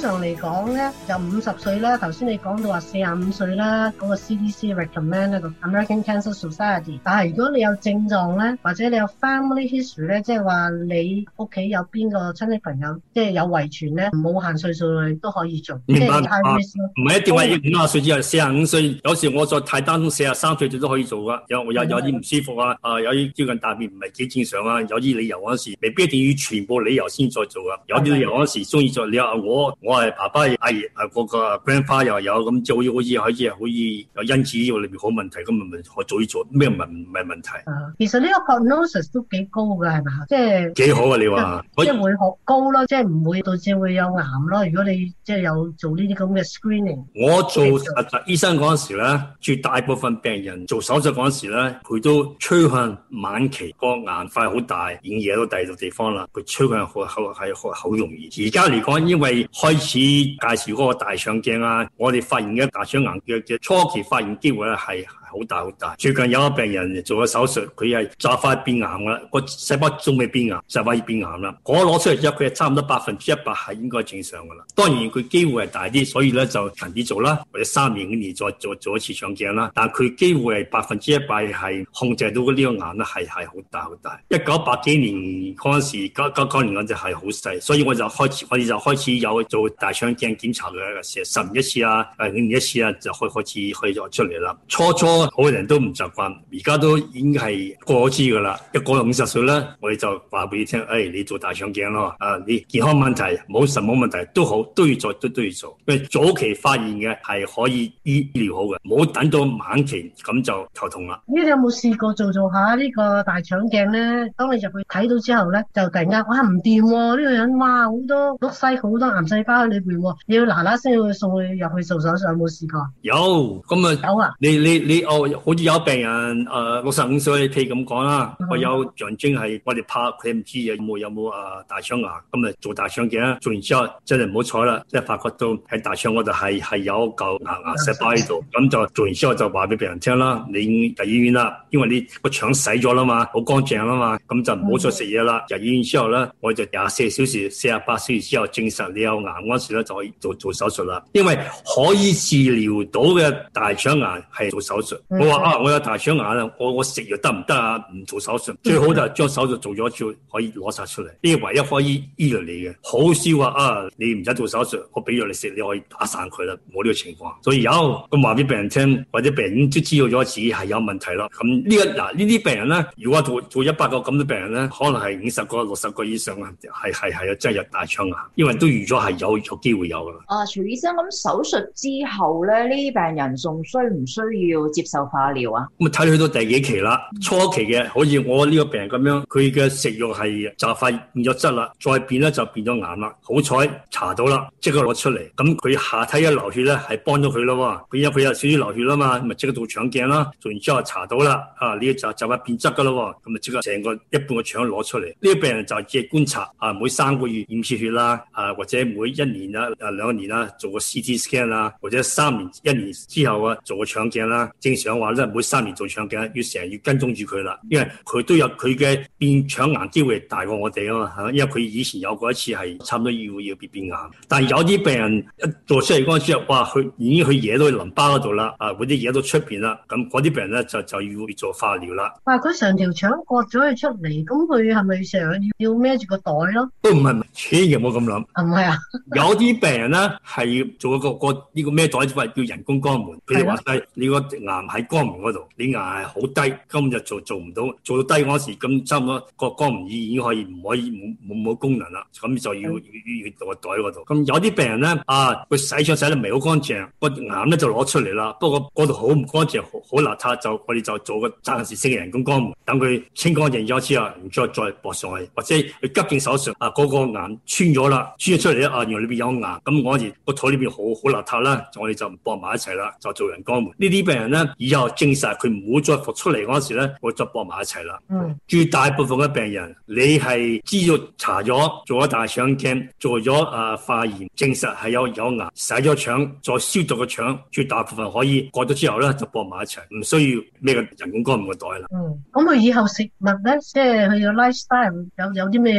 通常嚟講咧就五十歲啦，頭先你講到話四十五歲啦，嗰、那個 CDC recommend 咧個 American Cancer Society，但係如果你有症狀咧，或者你有 family history 咧，即係話你屋企有邊個親戚朋友即係有遺傳咧，冇限歲數都可以做。唔係、啊啊啊、一定話要五十歲至係四十五歲，有時候我在台東四十三歲就都可以做噶。有我有有啲唔舒服啊，啊有啲最近大便唔係幾正常啊，有啲理由嗰時未必一定要全部理由先再做噶，有啲理由嗰時中意做，你話我。我係爸爸、阿姨、個個 grandfather 又有咁，做係好似可以可以有因此呢個裏面好問題咁，咪，唔可再做咩問唔係問題。其實呢個 prognosis 都幾高嘅，係咪？即係幾好啊！你話即係會好高咯，即係唔會導致會有癌咯。如果你即係有做呢啲咁嘅 screening，我做實習醫生嗰陣時咧，絕大部分病人做手術嗰陣時咧，佢都趨向晚期個癌化好大，已經移到第二度地方啦，佢趨向好係好，好，好容易。而家嚟講，因為開開始介紹嗰個大腸鏡啊，我哋發現嘅大腸癌嘅初期發現機會咧係好大好大。最近有一個病人做咗手術，佢係就快變癌噶啦，個細胞仲未變癌，就快要變癌啦。我攞出嚟之後，佢係差唔多百分之一百係應該正常噶啦。當然佢機會係大啲，所以咧就勤啲做啦，或者三年五年再做做一次腸鏡啦。但佢機會係百分之一百係控制到呢個癌咧，係係好大好大。一九八幾年嗰陣時，九九九年嗰隻係好細，所以我就開始我哋就開始有做。大腸鏡檢查嘅成十年一次啊，誒五年一次啊，就開始開始去咗出嚟啦。初初好多人都唔習慣，而家都已經係過咗知噶啦。一過到五十歲咧，我哋就話俾你聽，誒、哎，你做大腸鏡咯，啊，你健康問題冇什麼問題都好，都要做，都都要做，因為早期發現嘅係可以醫療好嘅，冇等到晚期咁就頭痛啦。你有冇試過做做一下呢個大腸鏡咧？當你入去睇到之後咧，就突然間嚇唔掂喎！呢、哦呢個人哇，好多碌西好多癌細胞。喺裏邊喎，你要嗱嗱聲去送去，入去做手術，有冇試過？有，咁啊有啊，你你你哦，好似有病人，誒、呃、六十五歲，譬如咁講啦，我有象徵係我哋怕佢唔知有冇有冇誒、呃、大腸癌，咁啊做大腸鏡啊，做完之後真係唔好彩啦，即係發覺到喺大腸嗰度係係有嚿牙牙石包喺度，咁、嗯、就做完之後就話俾病人聽啦，你入醫院啦，因為你個腸洗咗啦嘛，好乾淨啊嘛，咁就唔好再食嘢啦，入醫院之後咧，我就廿四小時、四十八小時之後證實你有癌。嗰時咧就可以做做手術啦，因為可以治療到嘅大腸癌係做手術。我話啊，我有大腸癌行行啊，我我食藥得唔得啊？唔做手術的最好就將手術做咗，一次可以攞晒出嚟。呢個唯一可以醫到你嘅，好少話啊，你唔使做手術，我俾藥你食，你可以打散佢啦。冇呢個情況，所以有咁話俾病人聽，或者病人都知道咗自己係有問題咯。咁呢、呢個嗱呢啲病人咧，如果做做一百個咁嘅病人咧，可能係五十個六十個以上係係係有真係有大腸癌，因為都預咗係有。做機會有噶啦。啊，徐醫生，咁、嗯、手術之後咧，呢啲病人仲需唔需要接受化療啊？咁啊睇去到第幾期啦？初期嘅，好似我呢個病人咁樣，佢嘅食肉係就快變咗質啦，再變咧就變咗癌啦。好彩查到啦，即刻攞出嚟。咁佢下體一流血咧，係幫咗佢咯。佢因為佢有少少流血啊嘛，咪即刻做腸鏡啦。做完之後就查到啦，啊呢、這個就就快變質噶啦，咁咪即刻成個一半個腸攞出嚟。呢、這個病人就只係觀察，啊每三個月驗次血啦，啊或者每一年啦，誒、啊，兩年啦，做個 CT scan 啦，或者三年、一年之後啊，做個腸鏡啦。正常話咧，每三年做腸鏡，要成日要跟蹤住佢啦，因為佢都有佢嘅變腸癌機會大過我哋啊嘛，係因為佢以前有過一次係差唔多要要變變癌，但係有啲病人一做出嚟嗰陣時候，哇，佢已經佢惹到去都淋巴嗰度啦，啊，嗰啲嘢都出邊啦，咁嗰啲病人咧就就要去做化療啦。話佢成條腸割咗佢出嚟，咁佢係咪成日要孭住個袋咯？都唔係，千祈唔好咁諗。係咪啊？ 有啲病人咧係要做一個一個呢個咩袋，叫人工肛門。佢哋話低你個癌喺肛門嗰度，你癌係好低，今日做做唔到，做到低嗰時咁差唔多個肛門已已經可以唔可以冇冇冇功能啦，咁就要要，要個袋袋喺嗰度。咁有啲病人咧啊，佢洗腸洗得唔係好乾淨，個癌咧就攞出嚟啦，不過嗰度好唔乾淨，好邋遢，就我哋就做個暫時性嘅人工肛門，等佢清乾淨咗之後，再再駁上去，或者佢急症手術啊，嗰個癌穿咗啦，穿咗出嚟啊，原來。有牙咁，我哋個肚裏邊好好邋遢啦，我哋就唔搏埋一齊啦，就做人肛門。呢啲病人咧，以後證實佢唔好再復出嚟嗰時咧，我就搏埋一齊啦。嗯，絕大部分嘅病人，你係知要查咗做咗大腸鏡，做咗啊化驗，證實係有有牙，洗咗腸再消毒個腸，絕大部分可以過咗之後咧就搏埋一齊，唔需要咩嘅人工肛門嘅袋啦。嗯，咁佢以後食物咧，即係佢個 lifestyle 有有啲咩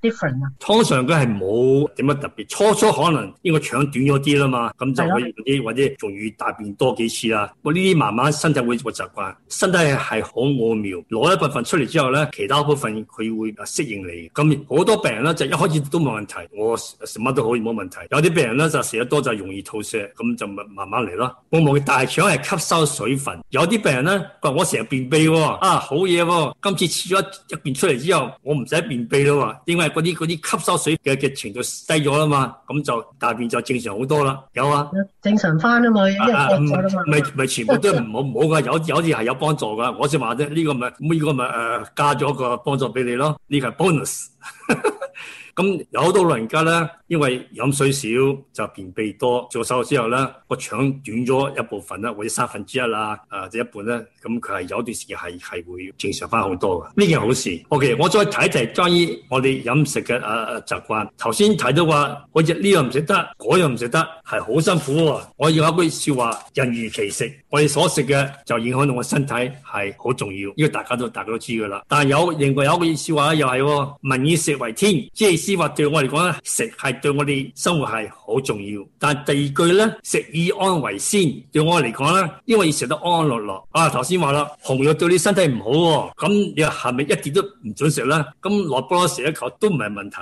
different 啊？通常佢係冇點樣特別。初初可能呢個腸短咗啲啦嘛，咁就可以嗰啲或者仲要大便多幾次啦。我呢啲慢慢身體會個習慣，身體係好奧妙，攞一部分出嚟之後咧，其他部分佢會適應你。咁好多病人咧就一開始都冇問題，我食乜都可以冇問題。有啲病人咧就食得多就容易吐瀉，咁就慢慢慢嚟咯。我望冇大腸係吸收水分，有啲病人咧，我成日便秘喎，哦，啊好嘢喎，哦，今次切咗一入邊出嚟之後，我唔使便秘啦嘛，哦，因為嗰啲啲吸收水嘅嘅程度低咗啦嘛。咁就大便就正常好多啦，有啊，正常翻啊嘛，因為落咗啦嘛，唔係唔係全部都唔好唔 好噶，有有啲係有幫助噶，我先話啫，呢個咪呢個咪誒加咗個幫助俾你咯，呢個係 bonus。 咁有好多老人家咧，因為飲水少就便秘多。做手術之後咧，個腸短咗一部分啦，或者三分之一啦，啊或者一半呢。咁佢係有段時間係係會正常返好多嘅，呢件好事。OK，我再睇一睇關於我哋飲食嘅啊，啊習慣。頭先提到話，我食呢樣唔食得，嗰樣唔食得，係好辛苦，哦。我有一句説話：人如其食，我哋所食嘅就影響到我身體，係好重要。呢、呢個大家都大家都知㗎啦。但係有另外有一句説話又係，哦：民以食為天，即係意思，話對我嚟講咧，食係對我哋生活係好重要。但係第二句咧，食以安為先。對我嚟講咧，因為要食得安安樂樂。啊，頭先話啦，紅肉對你身體唔好、哦，咁你係咪一啲都唔準食咧？咁蘿蔔食一嚿都唔係問題。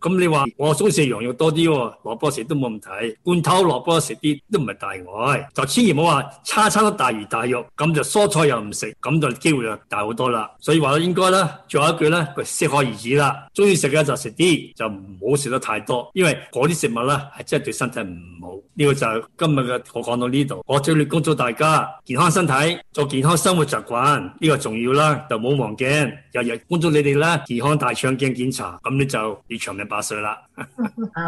咁你話我中意食羊肉多啲、哦，蘿蔔食都冇問題。罐頭蘿蔔食啲都唔係大礙。就千祈唔好話餐餐都大魚大肉，咁就蔬菜又唔食，咁就機會又大好多啦。所以話應該咧，最後一句咧，佢適可而止啦。中意食嘅就食啲。就唔好食得太多，因為嗰啲食物咧係真係對身體唔好。呢個就今日嘅我講到呢度，我最願恭祝大家健康身體，做健康生活習慣呢個重要啦，就唔好忘記。日日關注你哋啦，健康大腸鏡檢查，咁你就越長命百歲啦。啊，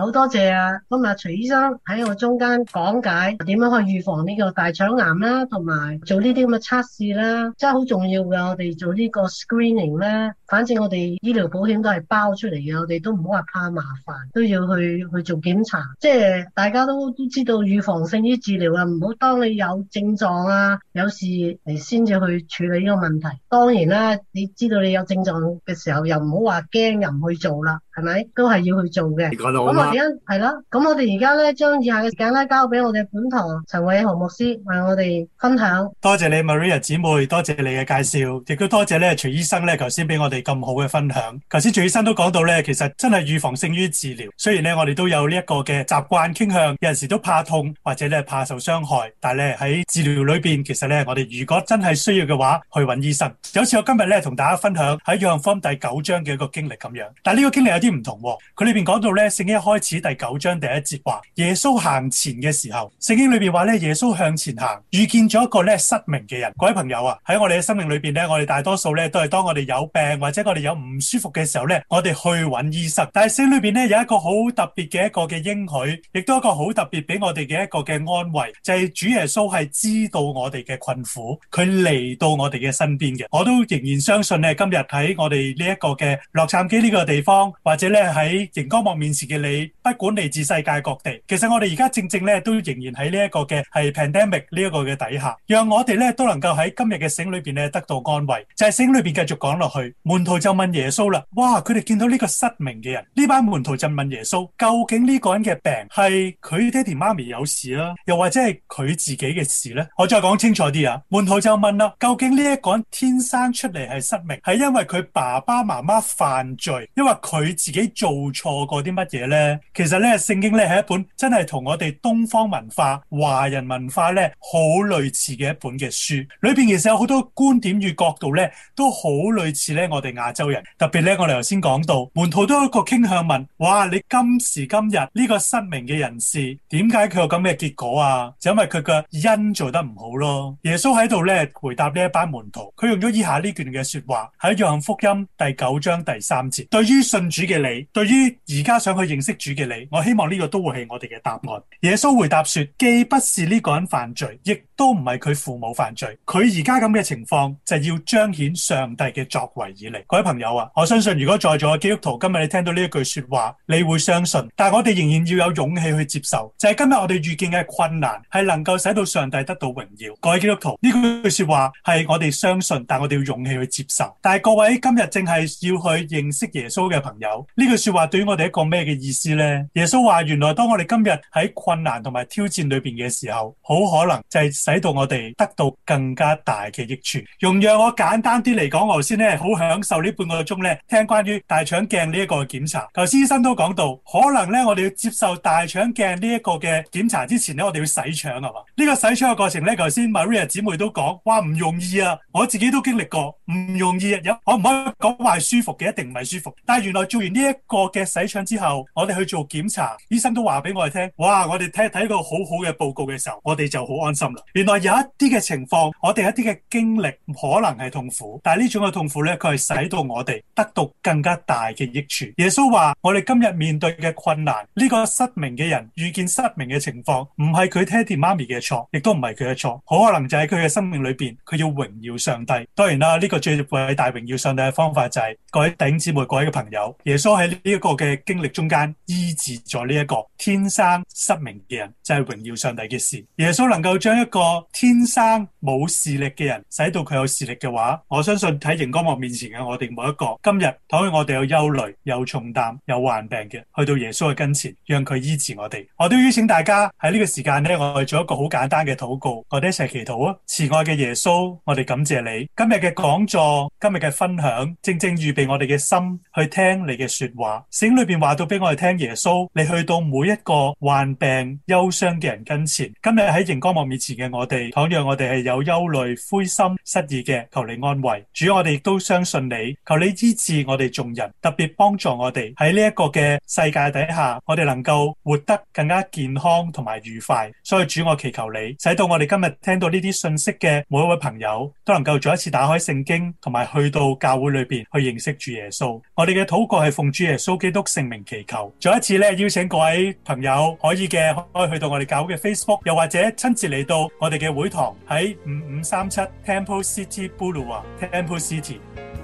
好 多謝啊！咁阿徐醫生喺我中間講解點樣去預防呢個大腸癌啦，同埋做呢啲咁嘅測試啦，真係好重要㗎。我哋做呢個 screening 咧，反正我哋醫療保險都係包出嚟嘅，我哋都唔好話怕麻煩，都要去去做檢查。即係大家都都知道預防性醫治療啊，唔好當你有症狀啊有事嚟先至去處理呢個問題。當然啦、啊，你知道你。有症狀嘅時候，又唔好話驚，唔去做啦。係咪都係要去做嘅？你講到好啱。咁我而家係啦，咁我哋而家咧將以下嘅時間咧交俾我哋本堂陳偉航牧師，為我哋分享。多謝你 Maria 姐妹，多謝你嘅介紹，亦都多謝咧徐醫生咧，頭先俾我哋咁好嘅分享。頭先徐醫生都講到咧，其實真係預防勝於治療。雖然咧我哋都有呢一個嘅習慣傾向，有陣時都怕痛或者咧怕受傷害，但係咧喺治療裏邊，其實咧我哋如果真係需要嘅話，去揾醫生。就好似我今日咧同大家分享喺《約翰福音》第九章嘅一個經歷咁樣。但係呢個經歷有啲。啲唔同，哦，佢裏邊講到咧，聖經一開始第九章第一節話，耶穌行前嘅時候，聖經裏邊話咧，耶穌向前行，遇見咗一個咧失明嘅人。各位朋友啊，喺我哋嘅生命裏邊咧，我哋大多數咧都係當我哋有病或者我哋有唔舒服嘅時候咧，我哋去揾醫生。但係聖經裏邊咧有一個好特別嘅一個嘅應許，亦都一個好特別俾我哋嘅一個嘅安慰，就係、是、主耶穌係知道我哋嘅困苦，佢嚟到我哋嘅身邊嘅。我都仍然相信咧，今日喺我哋呢一個嘅洛杉磯呢個地方或者咧喺螢光幕面前嘅你，不管嚟自世界各地，其實我哋而家正正咧都仍然喺呢一個嘅係 pandemic 呢一個嘅底下，讓我哋咧都能夠喺今日嘅醒裏邊咧得到安慰。就係、是、醒裏邊繼續講落去，門徒就問耶穌啦，哇！佢哋見到呢個失明嘅人，呢班門徒就問耶穌，究竟呢個人嘅病係佢爹哋媽咪有事啦、啊，又或者係佢自己嘅事咧？我再講清楚啲啊，門徒就問啦，究竟呢一個人天生出嚟係失明，係因為佢爸爸媽媽犯罪，因為佢自己做錯過啲乜嘢呢？其實咧，聖經咧係一本真係同我哋東方文化、華人文化咧好類似嘅一本嘅書。裏邊其實有好多觀點與角度咧，都好類似咧。我哋亞洲人特別咧，我哋頭先講到門徒都有一個傾向問，哇，你今時今日呢個失明嘅人士，點解佢有咁嘅結果啊？就因為佢嘅因做得唔好咯。耶穌喺度咧回答呢一班門徒，佢用咗以下呢段嘅說話喺約翰福音第九章第三節，對於信主嘅。你對於而家想去認識主嘅你，我希望呢個都會係我哋嘅答案。耶穌回答說：既不是呢個人犯罪，亦都唔係佢父母犯罪。佢而家咁嘅情況，就要彰顯上帝嘅作為以嚟。各位朋友啊，我相信如果在座嘅基督徒今日你聽到呢一句說話，你會相信。但係我哋仍然要有勇氣去接受，就係今日我哋遇見嘅困難，係能夠使到上帝得到榮耀。各位基督徒，呢句說話係我哋相信，但我哋要勇氣去接受。但係各位今日正係要去認識耶穌嘅朋友。呢句說話對於我哋一個咩嘅意思呢？耶穌話：原來當我哋今日喺困難同埋挑戰裏邊嘅時候，好可能就係使到我哋得到更加大嘅益處。用讓我簡單啲嚟講，我頭先咧好享受呢半個鐘咧聽關於大腸鏡呢一個檢查。頭先醫生都講到，可能咧我哋要接受大腸鏡呢一個嘅檢查之前咧，我哋要洗腸係嘛。呢、個洗腸嘅過程咧，頭先 Maria 姊妹都講，哇，唔容易啊！我自己都經歷過，唔容易啊！有可唔可以講話舒服嘅？一定唔係舒服。但原來做完呢一個嘅洗腸之後，我哋去做檢查，醫生都話俾我哋聽，哇！我哋睇睇個好好嘅報告嘅時候，我哋就好安心啦。原來有一啲嘅情況，我哋一啲嘅經歷可能係痛苦，但呢種嘅痛苦咧，佢係使到我哋得到更加大嘅益處。耶穌話：我哋今日面對嘅困難，呢、個失明嘅人遇見失明嘅情況，唔係佢爹哋媽咪嘅錯，亦都唔係佢嘅錯，好可能就喺佢嘅生命裏邊，佢要榮耀上帝。當然啦，呢、這個最偉大榮耀上帝嘅方法就係、是、各位弟兄姊妹，各位嘅朋友。耶穌喺呢一個嘅經歷中間醫治咗呢一個天生失明嘅人，就係、是、榮耀上帝嘅事。耶穌能夠將一個天生冇視力嘅人使到佢有視力嘅話，我相信喺螢光幕面前嘅我哋每一個，今日倘若我哋有憂慮、有重擔、有患病嘅，去到耶穌嘅跟前，讓佢醫治我哋。我都邀請大家喺呢個時間咧，我哋做一個好。簡單嘅禱告，我哋一齊祈禱啊！慈愛嘅耶穌，我哋感謝你今日嘅講座，今日嘅分享，正正預備我哋嘅心去聽你嘅說話。聖經裏邊話到俾我哋聽，耶穌你去到每一個患病、憂傷嘅人跟前。今日喺熒光幕面前嘅我哋，倘若我哋係有憂慮、灰心、失意嘅，求你安慰主。我哋亦都相信你，求你醫治我哋眾人，特別幫助我哋喺呢一個嘅世界底下，我哋能夠活得更加健康同埋愉快。所以主，我祈求，使到我哋今日聽到呢啲信息嘅每一位朋友都能夠再一次打開聖經，同埋去到教會裏邊去認識主耶穌。我哋嘅禱告係奉主耶穌基督聖名祈求。再一次咧，邀請各位朋友可以嘅可,可以去到我哋教會嘅 Facebook，又或者親自嚟到我哋嘅會堂喺五五三七 Temple City Boulevard，Temple City。.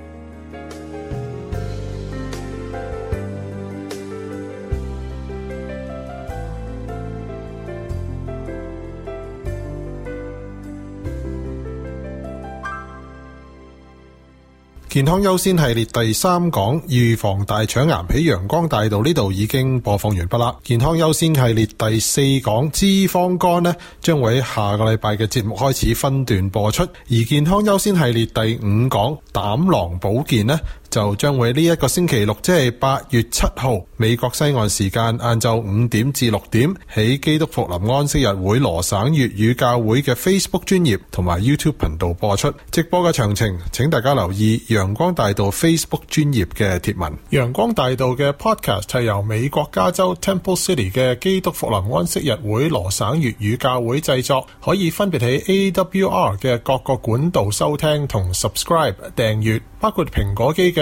健康優先系列第三講預防大腸癌，喺陽光大道呢度已經播放完畢啦。健康優先系列第四講脂肪肝呢，將會喺下個禮拜嘅節目開始分段播出。而健康優先系列第五講膽囊保健呢，就將會呢一個星期六，即係八月七號美國西岸時間晏晝五點至六點，喺基督復臨安息日會羅省粵語教會嘅 Facebook 專頁同埋 YouTube 頻道播出。直播嘅詳情，請大家留意陽光大道 Facebook 專頁嘅貼文。陽光大道嘅 Podcast 係由美國加州 Temple City 嘅基督復臨安息日會羅省粵語教會製作，可以分別喺 AWR 嘅各個管道收聽同 subscribe 訂閱，包括蘋果機嘅